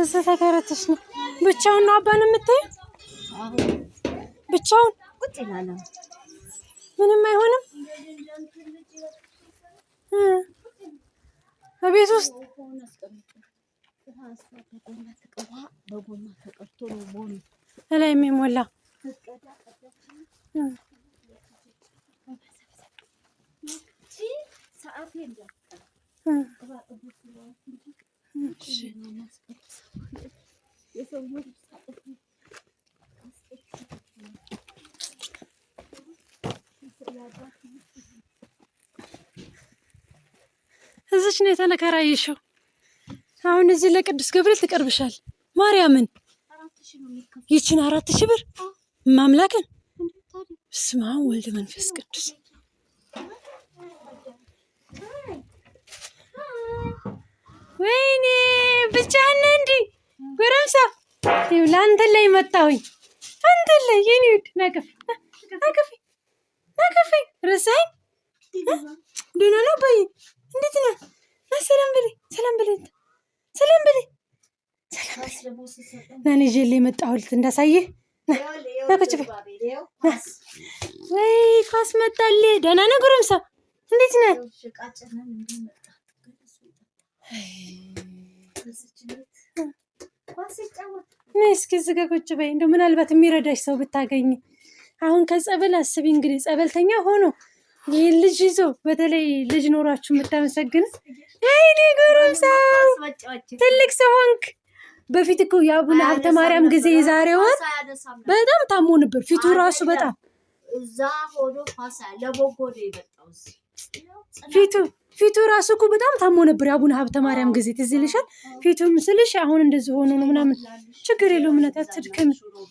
እዚህ ተከረተሽ ነው። ብቻውን ነው አባን የምታየው? ብቻውን ምንም አይሆንም። በቤት ውስጥ እላይ የሚሞላ ሰዓት የለም። እዚች ነው የተነከራየሽው። አሁን እዚህ ለቅዱስ ገብርኤል ትቀርብሻል። ማርያምን ይችን አራት ሺህ ብር ማምላክን ስማ ወልድ መንፈስ ቅዱስ ወይኔ ብቻህን እንዲ ጎረምሳ ለአንተ ላይ መጣሁኝ። አንተን ላይ የኔ ውድ ናቅፍ ናቅፍ ናቅፍ ረሳኝ። ደህና ነው እንዴት ነህ? ሰላም በለኝ፣ ሰላም በለኝ፣ ሰላም በለኝ፣ ሰላም በለኝ። ና እኔ ይዤልህ የመጣሁት እንዳሳየህ ና ቁጭ ወይ ኳስ መጣልህ። ደህና ነህ ጎረምሳ? እንዴት ነህ? እስኪ እዚህ ጋ ቁጭ በይ። እንደው ምናልባት የሚረዳሽ ሰው ብታገኝ። አሁን ከጸበል አስቢ እንግዲህ ጸበልተኛ ሆኖ ይህን ልጅ ይዞ በተለይ ልጅ ኖራችሁ የምታመሰግን አይኔ ጎረም ሰው ትልቅ ሰው ሆንክ። በፊት እኮ የአቡነ ሀብተ ማርያም ጊዜ የዛሬ ወር በጣም ታሞ ነበር። ፊቱ ራሱ በጣም ፊቱ ፊቱ ራሱ እኮ በጣም ታሞ ነበር። አቡነ ሀብተ ማርያም ጊዜ ትዝ ይልሻል? ፊቱም ስልሽ አሁን እንደዚህ ሆኖ ነው ምናምን ችግር የለው እምነት አትድክም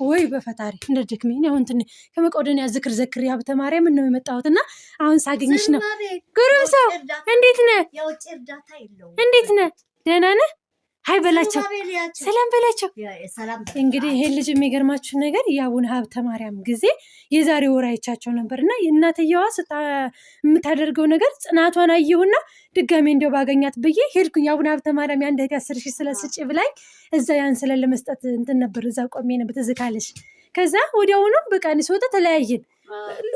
ወይ በፈጣሪ እንደ ድክሜ አሁን ትን ከመቆደኒያ ዝክር ዘክር ሀብተ ማርያም ነው የመጣሁት እና አሁን ሳገኝሽ ነው። ጉርም ሰው እንዴት ነህ? እንዴት ነህ? ደህና ነህ? ሀይ በላቸው፣ ሰላም በላቸው። እንግዲህ ይሄ ልጅ የሚገርማችሁ ነገር የአቡነ ሀብተ ማርያም ጊዜ የዛሬ ወር አይቻቸው ነበር እና የእናትየዋ የምታደርገው ነገር ጽናቷን አየሁና ድጋሜ እንዲያው ባገኛት ብዬ ሄድኩኝ። የአቡነ ሀብተ ማርያም የአንድ እህት አስር ሺህ ስለስጭ ብላኝ እዛ ያን ስለ ለመስጠት እንትን ነበር እዛ ቆሜ ነበር ትዝካለሽ። ከዛ ወዲያውኑ በቃ ስወጣ ተለያየን።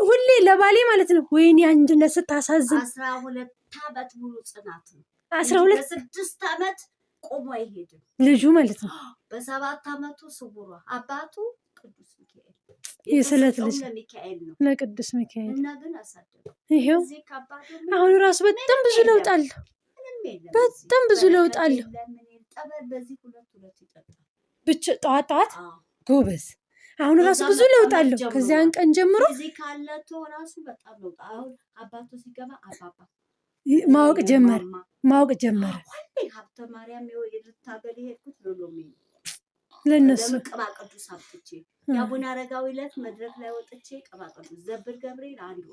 ሁሌ ለባሌ ማለት ነው። ወይን አንድነት ስታሳዝን አስራ ሁለት ዓመት ሙሉ ጽናት ነው አስራ ሁለት ስድስት አመት ቆሞ አይሄድም ልጁ ማለት ነው። በሰባት አመቱ ስውሯ አባቱ ቅዱስ ሚካኤል የስለት ልጅ ለቅዱስ ሚካኤል ይሄው አሁን ራሱ በጣም ብዙ ለውጥ አለሁ። በጣም ብዙ ለውጥ አለሁ። ብቻ ጠዋት ጠዋት ጎበዝ አሁን ራሱ ብዙ ለውጥ አለሁ። ከዚያን ቀን ጀምሮ እዚህ ካለቶ ራሱ በጣም ለውጥ አሁን አባቱ ሲገባ አባባ ማወቅ ጀመር ማወቅ ጀመር። ለነሱ ቅባ ቅዱስ አብትቼ የአቡነ አረጋዊ ዕለት መድረክ ላይ ወጥቼ ቅባ ቅዱስ ዘብር ገብርኤል አንዱ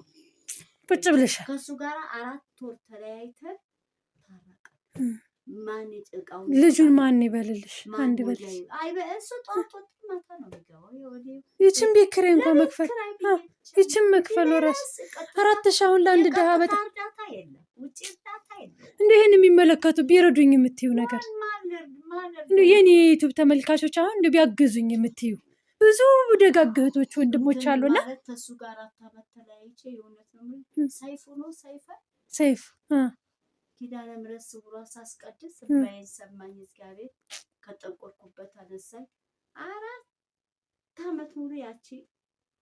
ቁጭ ብለሻል። ከእሱ ጋር አራት ወር ተለያይተን ማን ይጭቃው ልጁን ማን ይበልልሽ? አንድ በልሽ። አይ በእሱ ጦርቶት ማታ ነው የሚገባው። ይቺን ቤት ኪራይ እንኳን መክፈል ይቺን መክፈል ወራስ አራት ሺህ አሁን ለአንድ ድሃ በጣም እርዳታ የለም እንደ ይህን የሚመለከቱ ቢረዱኝ የምትዩ ነገር እንደ የኔ ዩቱብ ተመልካቾች አሁን እንደ ቢያግዙኝ የምትዩ ብዙ ደጋግ እህቶች ወንድሞች አሉና ሰይፍ ኪዳነ ምሕረት ስውሯ ሳስቀድስ ባይን ሰማኝ እግዚአብሔር አነሳኝ። አራት አመት ሙሉ ያቺ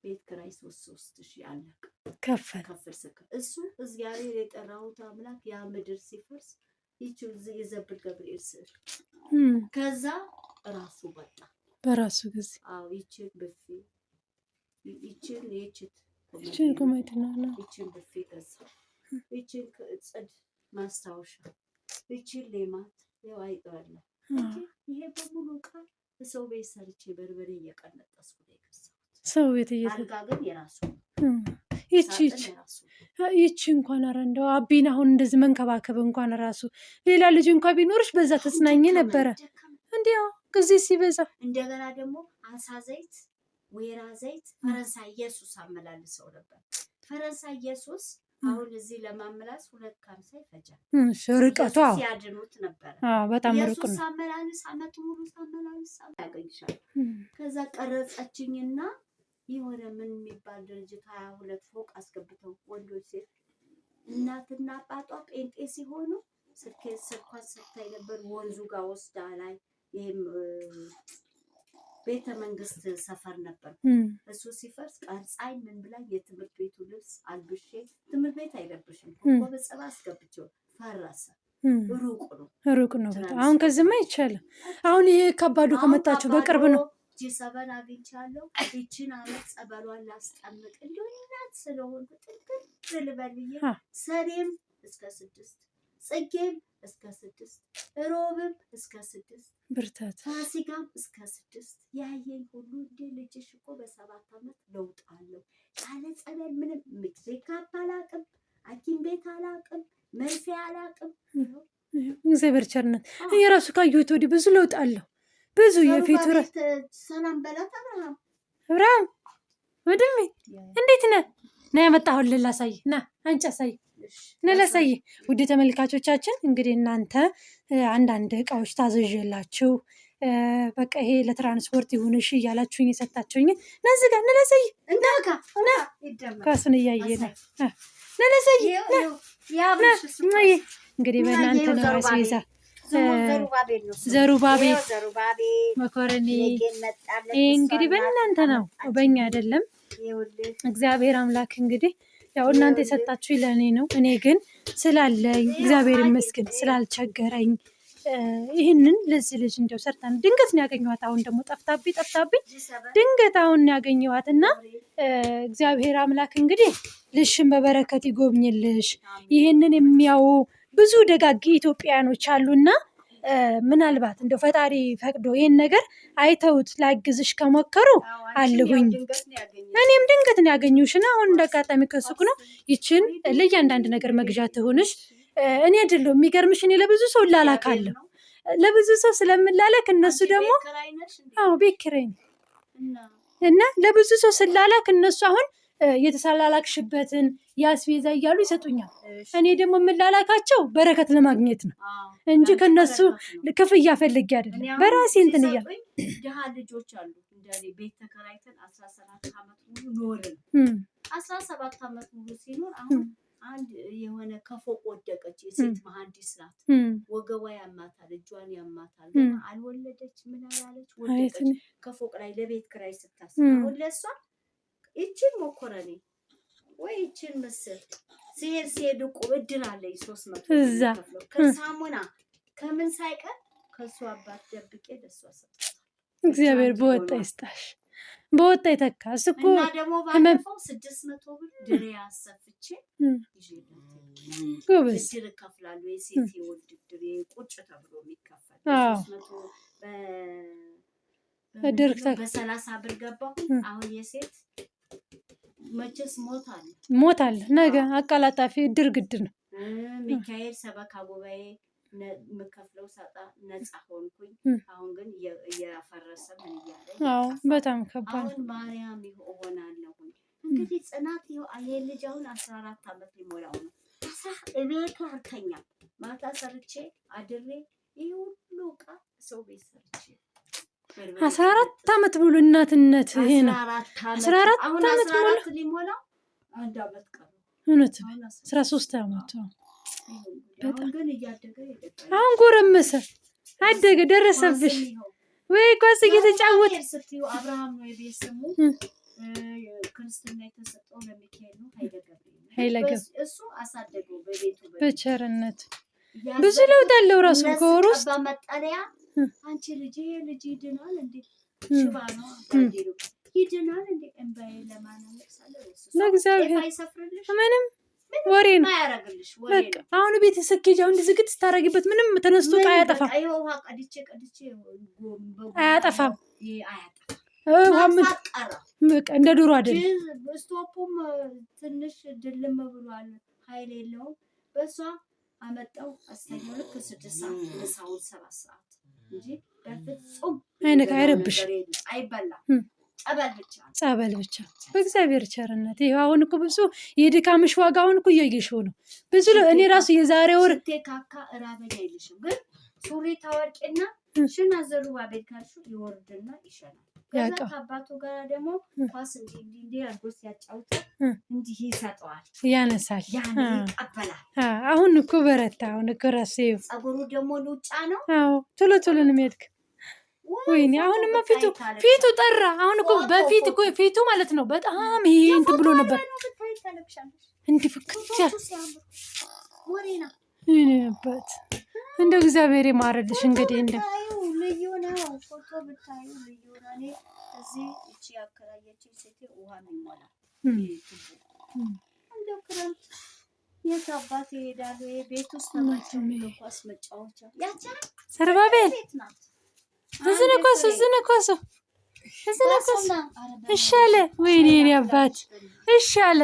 ቤት ክራይ ሶስት ሶስት ሺ አለቅ ከፈል ከፈል እሱ እግዚአብሔር የጠራሁት አምላክ ያ ምድር ሲፈርስ ይቺ የዘብር ገብርኤል ስዕል ከዛ ራሱ ወጣ በራሱ ጊዜ አዎ ብፌ ብፌ ገዛ ጽድ ማስታወሻ ይቺን ሌማት ያው አይጠዋለሁ ይሄ በሙሉ ሰው ቤት ሰርቼ በርበሬ እየቀነጠስኩ ሰው ቤት ይቺ ይቺ ይቺ እንኳን ኧረ እንደው አቢን አሁን እንደዚህ መንከባከብ እንኳን ራሱ ሌላ ልጅ እንኳ ቢኖርሽ በዛ ተጽናኝ ነበረ። እንዲያው ጊዜ ሲበዛ እንደገና ደግሞ አንሳ ዘይት፣ ወይራ ዘይት፣ ፈረንሳይ ኢየሱስ አመላልሰው ነበር። ፈረንሳይ ኢየሱስ አሁን እዚህ ለማመላስ ሁለት ከሀምሳ ይፈጃል። ርቀቷ ሲያድኑት ነበረ። በጣም ርቅ ነው። አመላልስ አመት ሙሉ ሳመላልስ ያገኝሻል። ከዛ ቀረጸችኝና የሆነ ምን የሚባል ድርጅት ሀያ ሁለት ፎቅ አስገብተው ወንዶች ሴት እናትና አባቷ ጴንጤ ሲሆኑ ስልኬን ስልኳን ስታይ ነበር ወንዙ ጋር ወስዳ ላይ ይህም ቤተ መንግስት ሰፈር ነበር። እሱ ሲፈርስ ቀን ፀሐይ ምን ብላ የትምህርት ቤቱ ልብስ አልብሼ ትምህርት ቤት አይለብሽም በፀባ አስገብቼው ፈረሰ። ሩቅ ነው ሩቅ ነው። አሁን ከዚህማ አይቻልም። አሁን ይሄ ከባዱ ከመጣቸው በቅርብ ነው። ጂሰበን አግኝቻለሁ። ይችን አመት ጸበሏን ላስጠምቅ እንዲሁ እናት ስለሆንኩ ጥንቅት ልበልዬ ሰኔም እስከ ስድስት ጽጌም እስከ ስድስት ሮብም እስከ ስድስት ብርታት ፋሲካም እስከ ስድስት ያየኝ ሁሉ እንዴ ልጅሽ እኮ በሰባት አመት ለውጥ አለው። ያለ ጸበል ምንም ሜካፕ አላቅም፣ ሐኪም ቤት አላቅም፣ መንፌ አላቅም። እግዚአብሔር ቸርነት የራሱ ካየሁት ወዲህ ብዙ ለውጥ አለው። ብዙ የፊቱ አብርሃም ወድሜ እንዴት ነ ና ያመጣሁልህ ላሳይ። ና አንቺ አሳይ ና ውድ ተመልካቾቻችን እንግዲህ እናንተ አንዳንድ እቃዎች ታዘዥላችሁ በቃ ይሄ ለትራንስፖርት ይሁንሽ እያላችሁኝ የሰጣችሁኝ ነዚህ ጋር ነለሰይ ኳሱን እያየ ነ ነለሰይ እንግዲህ በእናንተ ነው አስቤዛ ዘሩባቤል መኮረኒ ይህ እንግዲህ በእናንተ ነው፣ በኛ አይደለም። እግዚአብሔር አምላክ እንግዲህ ያው እናንተ የሰጣችሁ ለእኔ ነው። እኔ ግን ስላለኝ እግዚአብሔር ይመስገን ስላልቸገረኝ ይህንን ለዚህ ልጅ እንዲያው ሰርታ ድንገት ነው ያገኘኋት። አሁን ደግሞ ጠፍታብኝ ጠፍታብኝ ድንገት አሁን ነው ያገኘኋት እና እግዚአብሔር አምላክ እንግዲህ ልሽን በበረከት ይጎብኝልሽ። ይህንን የሚያው ብዙ ደጋግ ኢትዮጵያውያኖች አሉና ምናልባት እንደው ፈጣሪ ፈቅዶ ይህን ነገር አይተውት ላግዝሽ ከሞከሩ አለሁኝ። እኔም ድንገት ነው ያገኘሁሽና አሁን እንዳጋጣሚ ከሱቅ ነው ይችን ለእያንዳንድ ነገር መግዣ ትሆንሽ። እኔ ድሎ የሚገርምሽ፣ እኔ ለብዙ ሰው ላላካለሁ ለብዙ ሰው ስለምላላክ እነሱ ደግሞ ቤት ኪራይ ነው እና ለብዙ ሰው ስላላክ እነሱ አሁን የተሳላላክሽበትን ያስቤዛ እያሉ ይሰጡኛል። እኔ ደግሞ የምላላካቸው በረከት ለማግኘት ነው እንጂ ከነሱ ክፍያ ፈልጌ አይደለም። በራሴ እንትን እያሉ ድሃ ልጆች አሉ። ቤት ተከራይተን አስራ ሰባት ዓመት ሙሉ ኖርን። አስራ ሰባት ዓመት ሙሉ ሲኖር አሁን አንድ የሆነ ከፎቅ ወደቀች። የሴት መሀንዲስ ናት። ወገቧ ያማታል፣ እጇን ያማታል። አልወለደች ምን ያለች ወደቀች ከፎቅ ላይ ለቤት ክራይ ስታስብ አሁን ለእሷ ይችን ሞኮረኒ ወይ ይችን ምስል ሲሄድ ሲሄድ እቁ እድን አለኝ ሶስት መቶ እዛ ከሳሙና ከምን ሳይቀር ከሱ አባት ደብቄ ደሱ እግዚአብሔር በወጣ ይስጣሽ፣ በወጣ ይተካ። እስኮ እና ደግሞ ባለፈው ስድስት መቶ ብር ድሬ አሰፍቼ እድር እከፍላለሁ። የሴት የወንድ ድሬ ቁጭ ተብሎ የሚከፈል ሶስት መቶ በሰላሳ ብር ገባሁ። አሁን የሴት መቼስ ሞት አለ። ነገ አቀላጣፊ እድር ግድ ነው። ሚካኤል ሰበካ ጉባኤ የምከፍለው ሰጣ ነጻ ሆንኩኝ። አሁን ግን እያፈረሰ ምን እያለኝ በጣም ከባድ አሁን ማርያም እሆናለሁኝ። እንግዲህ ጽናት ይሄ ልጅ አሁን አስራ አራት ዓመት ሊሞላው ነው። እቤቱ አልተኛም። ማታ ሰርቼ አድሬ ይህ ሁሉ ዕቃ ሰው ቤት ሰርቼ አስራ አራት ዓመት ሙሉ እናትነት ይሄ ነው። አስራ አራት ዓመት ሙሉ እውነት አስራ ሶስት በጣም አሁን ጎረመሰ፣ አደገ፣ ደረሰብሽ ወይ ኳስ እየተጫወተ ክርስትና የተሰጠው በቸርነት ብዙ ለውጥ አለው ራሱ ከወር ውስጥ አንቺ ልጅ ልጅ ይድናል እንዴ? ሽባ ነው ይድናል እንዴ? እንባዬ ለማን ለእግዚአብሔር ምንም ወሬ ነው። አሁን ቤት ስኬጅ አሁን ዝግት ስታደርጊበት ምንም ተነስቶ ዕቃ አያጠፋም፣ አያጠፋም። እንደ ዶሮ አይደለም። ስቶፑም ትንሽ ድልም ብሏል፣ ኃይል የለውም። በእሷ አመጣው አስተኛው ልክ ስድስት ሰዓት ሰባት ሰዓት አይነት አይረብሽ፣ ጸበል ብቻ በእግዚአብሔር ቸርነት። ይኸው አሁን እኮ ብዙ የድካምሽ ዋጋ አሁን እኮ እያየሽው ነው። ብዙ እኔ ራሱ የዛሬ ወር ሱሪ ታወርቂና ሽና ዘሩባቤል ከእርሱ ይወርድና ይሸናል። ከዛ ከአባቱ ጋር ደግሞ ኳስ እንዲህ እንዲህ አድርጎ ሲያጫውት እንዲህ ይሰጠዋል፣ ያነሳል፣ ይቀበላል። አሁን እኮ በረታ። አሁን እኮ ራሴ ጸጉሩ ደግሞ ሉጫ ነው። አዎ ቶሎ ቶሎ ነው የሚሄድክ። ወይኔ አሁንማ ፊቱ ፊቱ ጠራ። አሁን እኮ በፊት እኮ ፊቱ ማለት ነው በጣም ይሄ እንትን ብሎ ነበር። እንዲህ ፍክት ያለ ወሬ ነበር። እንደው እግዚአብሔር ይማረልሽ። እንግዲህ እንደ ልዩ ነው አባት ኳስ ሰርባ ቤት እዝን ኮሱ እዝን ኮሱ እዝን ኮሱ እሻለ ወይኔ እኔ አባት እሻለ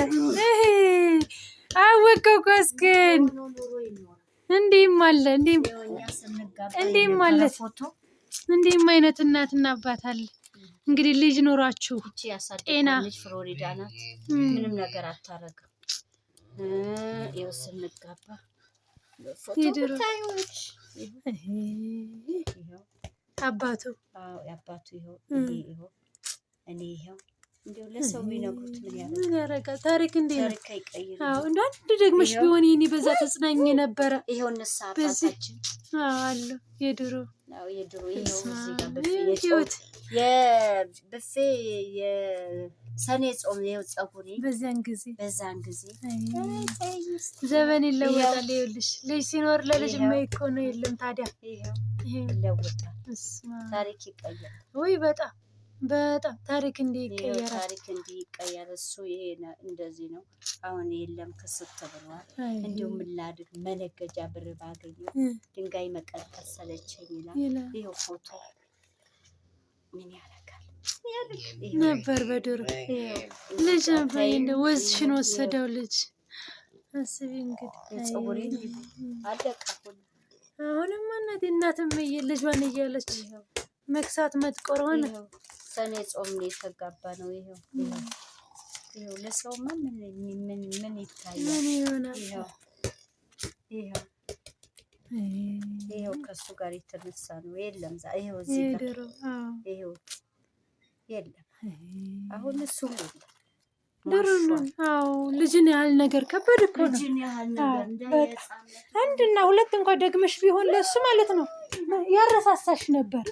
አወቀው ኮስክን እንዲህም አለ እንዲህም አለ እንዲህም አይነት እናትና አባት አለ። እንግዲህ ልጅ ኖሯችሁ ጤና ፍሎሪዳ ናት። ምንም ነገር አታረግም። ይኸው ስንጋባ አባቱ አባቱ ይኸው እኔ ይኸው እንደው ታሪክ እንዴ ነው። አዎ እንደው አንድ ደግመሽ ቢሆን ይሄኔ በዛ ተጽናኝ ነበረ። ይሄው ንሳ አባታችን አለ የድሮ የድሮ ይሄው እዚህ የሰኔ ጾም ይሄው ጸጉሬ በዛን ጊዜ በዛን ጊዜ ዘመን ይለወጣል። ይኸውልሽ ልጅ ሲኖር ለልጅ የማይኮ የለም ታዲያ ይለወጣል። ታሪክ ይቀየራል ወይ በጣም በጣም ታሪክ እንዲቀየር ታሪክ እንዲቀየር እሱ ይሄ እንደዚህ ነው። አሁን የለም ክስት ተብሏል። እንዲሁም ምላድግ መነገጃ ብር ባገኘ ድንጋይ መቀጠል ሰለቸኝ ይላል። ይህ ፎቶ ምን ያረጋል ነበር በድሮ ልጅ ነበር እንደ ወዝሽን ወሰደው ልጅ አስቢ እንግዲህ አለቃ አሁንም እናት እናትም ልጇን እያለች መክሳት መጥቆር ሆነ። ሰኔ ጾም ነው የተጋባ ነው። ይሄው ይሄው ለሰው ምን ምን ምን ይታያል? ምን ይሆናል? ይሄው ይሄው ይሄው ከሱ ጋር የተነሳ ነው። የለም ዛ ይሄው እዚህ ጋር ይሄው የለም። አሁን እሱ ድሮ ነው። አዎ ልጅን ያህል ነገር ከበድ እኮ ነው። አንድና ሁለት እንኳን ደግመሽ ቢሆን ለሱ ማለት ነው ያረሳሳሽ ነበር።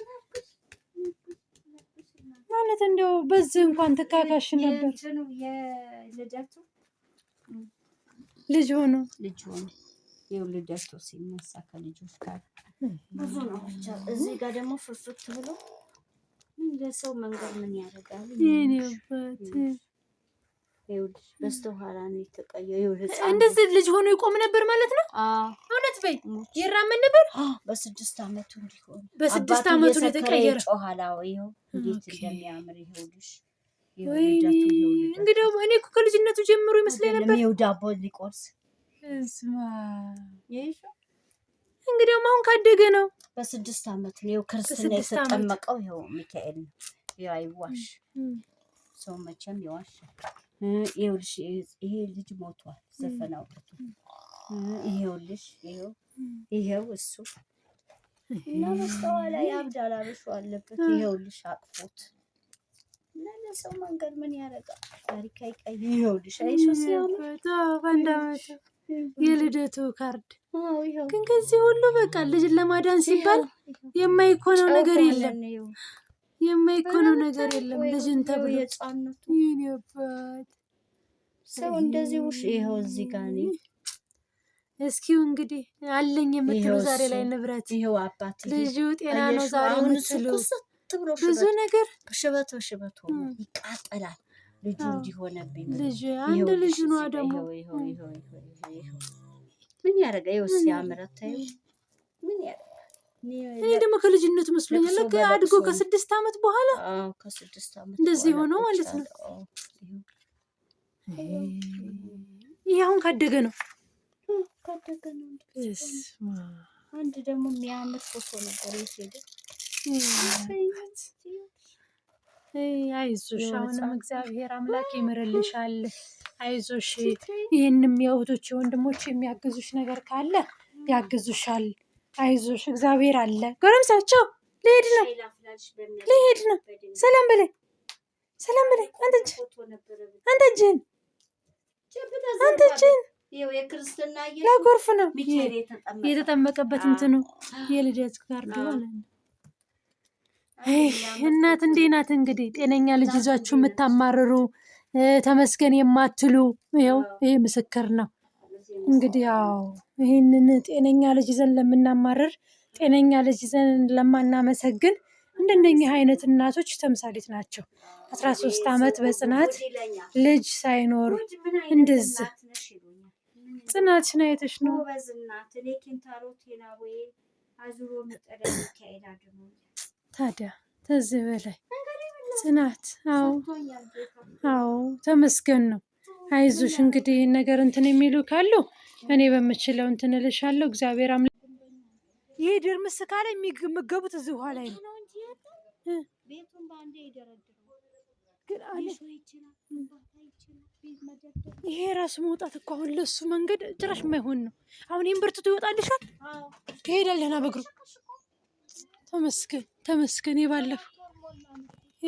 ማለት እንደው በዚህ እንኳን ትካካሽ ነበር። ልጅ ሆኖ ልጅ ሆኖ የውልደቱ ሲነሳ ከልጆች ጋር ብዙ ነው። እዚህ ጋር ደግሞ ፍርፍት ብሎ ለሰው መንገድ ምን ያደርጋል? በስተኋላ ነው የተቀየው። እንደዚህ ልጅ ሆኖ ይቆም ነበር ማለት ነው። በይ ይራመድ ነበር። በስድስት ዓመቱ እንዲሆን በስድስት ዓመቱ ነው የተቀየረ። ጮኋላ ይኸው እንዴት እንደሚያምር ይኸውልሽ። እንግዲህ እኔ እኮ ከልጅነቱ ጀምሮ ይመስለኝ ነበር። ይኸው ዳቦ ሊቆርስ እንግዲህ አሁን ካደገ ነው። በስድስት ዓመቱ ነው ክርስትና የተጠመቀው። ይኸው ሚካኤል ነው። አይዋሽ ሰው መቼም ይዋሽ። ይኸውልሽ ይሄ ልጅ ሞቷል ዘፈን አውጥቶ ይሄውልሽ፣ ይሄው ይሄው እሱ እና መስጠዋ ላይ አለበት። ይሄውልሽ አቅፎት እና ለሰው መንገድ ምን ያደርጋል? ታሪክ አይቀይ። ይሄውልሽ አይሹ ሲያምር የልደቱ ካርድ ግን ከዚህ ሁሉ በቃ ልጅን ለማዳን ሲባል የማይኮነው ነገር የለም፣ የማይኮነው ነገር የለም። ልጅን ተብሎ የጻኑት ይሄን ይባል ሰው እንደዚህ ውሽ ይሄው እዚህ ጋር ነው እስኪው እንግዲህ አለኝ የምትሉ ዛሬ ላይ ንብረት ይኸው አባት ልጁ ጤና ነው ዛሬ የምትሉ ብዙ ነገር ሽበቶ ሽበቶ ይቃጠላል። ልጁ እንዲሆነብኝ ልጁ አንድ ልጁ ነው ደግሞ ምን ያደረገ ይኸው ሲያምረት ምን ያደረገ እኔ ደግሞ ከልጅነት መስሎኛል። ለክ አድጎ ከስድስት ዓመት በኋላ እንደዚህ የሆነው ማለት ነው። ይህ አሁን ካደገ ነው ከደገና አንድ ደግሞ የሚያምር ፎቶ ነበር። አይዞሽ፣ አሁንም እግዚአብሔር አምላክ ይምርልሻል። አይዞሽ፣ ይህንም የእህቶች ወንድሞች የሚያግዙሽ ነገር ካለ ያግዙሻል። አይዞሽ፣ እግዚአብሔር አለ። ጎረምሳቸው ልሄድ ነው፣ ልሄድ ነው። ሰላም በለኝ፣ ሰላም በለኝ። አንተ እጅህን አንተ እጅህን አንተ እጅህን ለጎርፍ ነው የተጠመቀበት እንትኑ የልደት ካርዱ ማለት እናት እንዲህ ናት እንግዲህ። ጤነኛ ልጅ ይዛችሁ የምታማርሩ ተመስገን የማትሉ ይኸው ይህ ምስክር ነው እንግዲህ። ያው ይህንን ጤነኛ ልጅ ይዘን ለምናማርር፣ ጤነኛ ልጅ ይዘን ለማናመሰግን እንደነኚህ አይነት እናቶች ተምሳሌት ናቸው። አስራ ሶስት አመት በጽናት ልጅ ሳይኖር ። እንደዚህ ጽናችን አይተሽ ነው በዝናት እኔ አዙሮ ታዲያ ከዚህ በላይ ጽናት። አዎ አዎ፣ ተመስገን ነው። አይዞሽ እንግዲህ ይህን ነገር እንትን የሚሉ ካሉ እኔ በምችለው እንትን እልሻለሁ። እግዚአብሔር አምላ ይህ ድርምስ ካለ የሚገቡት እዚህ ውሃ ላይ ነው። ቤቱን በአንዴ ግን ይሄ ራሱ መውጣት እኮ አሁን ለሱ መንገድ ጭራሽ የማይሆን ነው። አሁን ይህም በርትቶ ይወጣልሻል፣ ትሄዳለህና በእግሩ ተመስገን ተመስገን። የባለፈው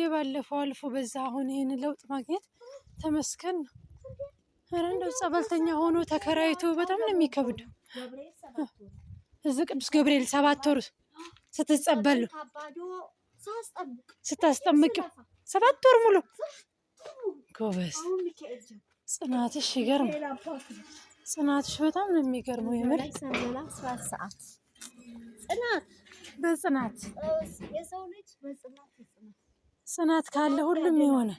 የባለፈው አልፎ በዛ አሁን ይህን ለውጥ ማግኘት ተመስገን ነው። ኧረ እንደው ጸበልተኛ ሆኖ ተከራይቶ በጣም ነው የሚከብደው። እዚህ ቅዱስ ገብርኤል ሰባት ወር ስትጸበሉ ስታስጠምቂው ሰባት ወር ሙሉ ጎበዝ ጽናትሽ ይገርም። ጽናትሽ በጣም ነው የሚገርመው። የምር በጽናት ጽናት ካለ ሁሉም የሆነ